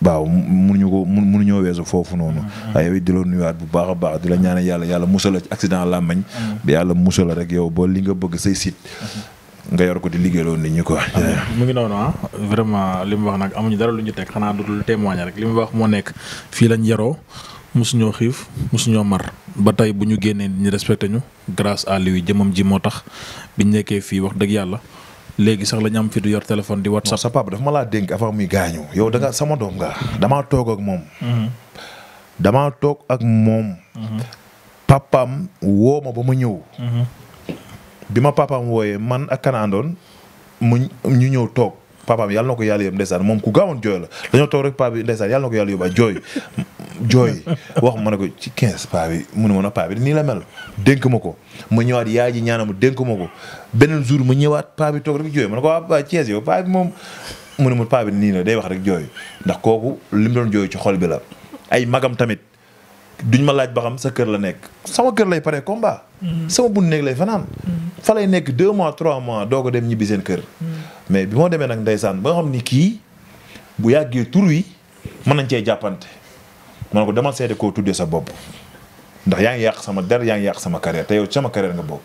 baaw mënuñu ko mënuñoo weesu foofu noonu. waaye di loo nuyuwaat bu baax a baax di la ñaanal yàlla yàlla musal la ci accident mañ bi yàlla musal rek yow boo li nga bëgg say site. nga yor ko di liggéeyaloon nit ñu ko mu ngi noonu ah vraiment li mu wax nag amuñu dara lu ñu teg xanaa du lu témoigner rek li mu wax moo nekk fii lañ yaroo mosuñoo xiif mosuñoo mar ba tey bu ñu génnee ñu respecté ñu grâce à lui jëmam ji moo tax biñ nekkee fii wax dëgg yàlla léegi sax lañu am fi du yor téléphone di whatsapp sa papa dafa ma laa dénk avant muy gaañu yow da nga sama doom nga damaa toog ak moom mhm. damaa toog ak moom mhm. papaam woo ma ba ma ñëw mhm. bi ma papaam wooyee man ak kanaandoon mu ñu ñëw toog papaam yàlla na ko yàlla yóbbu ndeysaan moom ku gaawoon jooy la dañoo toog rek paa bi ndeysaan yàlla na ko yàlla yóbbu jooy <laughs> jooy wax ma ne ko ci 15 paa bi mu ne ma ne paa bi nii la mel dénk ma ko ma ñëwaat yaay ji ñaanam dénk ma ko beneen jour ma ñëwaat paa bi toog rek jooy ma ne ko waa waa Thiès yow paa bi moom mu ne ma paa nii la day wax rek jooy ndax kooku li mu doon jooy ci xol bi la ay magam tamit. duñ ma laaj ba xam sa kër la nekk sama kër lay pare combat. Mm-hmm. sama bun néeg lay fanaan. Mm-hmm. fa lay nekk deux mois trois mois doo ko dem ñibbi seen kër. Mm-hmm. mais bi moo demee nag ndeysaan ba nga xam ni kii bu yàggee tur wi mën nañ cee jàppante ma ne ko demal seede koo tuddee sa bopp. ndax yaa ngi yàq sama der yaa yàq sama carrière te yow sama carrière nga bokk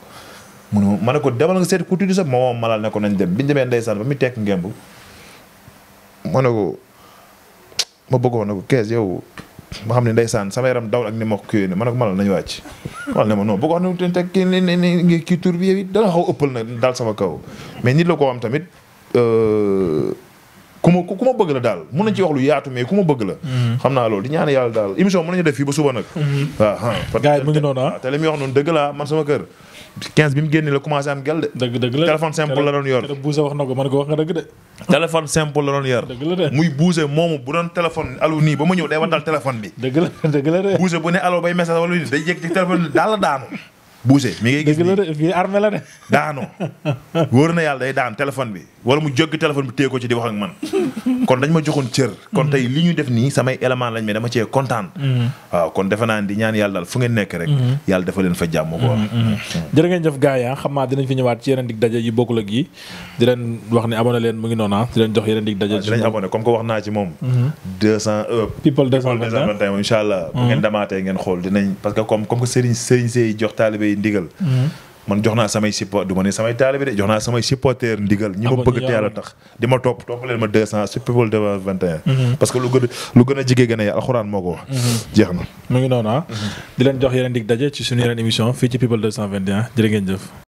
mu ma ne ko demal nga seet ku tudd sa moom malal ne ko nañ dem biñ demee ndeysaan ba muy tekk ngemb ma ne ko ma bëggoon na ko kees yow ma xam ne ndeysaan sama yaram daw ak ni ma ko kii man ak malal nañu wàcc malal ne ma non bu ko wax ne teg kii nii kii tur nit la koo am tamit euh, ku ma ku ma bëgg la daal mun nañ ci wax lu yaatu mais ku ma bëgg la. Mm-hmm. xam naa loolu di ñaan yàlla daal émission mën nañu def fii ba suba nag. Mm-hmm. waaw ah. gars ah. te li muy wax noonu dëgg laa man sama kër. 15 bi mu génne la commencé am gel de. téléphone simple la doon yor. buuse wax na ko man ko wax nga dëgg de. téléphone simple la doon yor. muy buuse moomu bu doon téléphone alu nii ba ma ñëw day waddal téléphone bi. buuse bu ne allo bay message wala day yëg ci téléphone daal la daanu. buuse mi ngay gis nii armé la de daanoo wóor na yàlla day daan téléphone bi wala mu jóg téléphone bi téye ko ci di wax ak man kon dañ ma joxoon cër kon tey li ñu def nii samay élément lañ mais dama cee kontaan mm-hmm. waaw kon defe naa di ñaan yàlla daal fu ngeen nekk rek mm-hmm. yàlla dafa leen fa jàmm ko mm-hmm. jërë ngeen jëf gaay yaa ah, xam naa dinañ fi ñëwaat ci yeneen dig daje yi bokkul ak yi di leen wax ne abonné leen mu ngi noona ah, di leen jox yeneen dig daje ah, dinañ abonné comme que wax naa ci moom deux cent euh, people deux cent vingt et un insha allah bu ngeen damaatee ngeen xool dinañ parce que comme comme que Serigne Serigne Seye jox taalibe yi ndigal man jox naa samay support du ma ne samay taalibe de jox naa samay supporter ndigal ñi ma bëgg te yàlla tax di ma topp topp leen ma deux cent su mhm. parce que lu gën a jige gën a yàlla alxuraan moo ko mhm. jeex na mu ngi noonu ah mhm. di leen jox yeneen dig daje ci suñu yeneen émission fii ci people 221 jërë ngeen jëf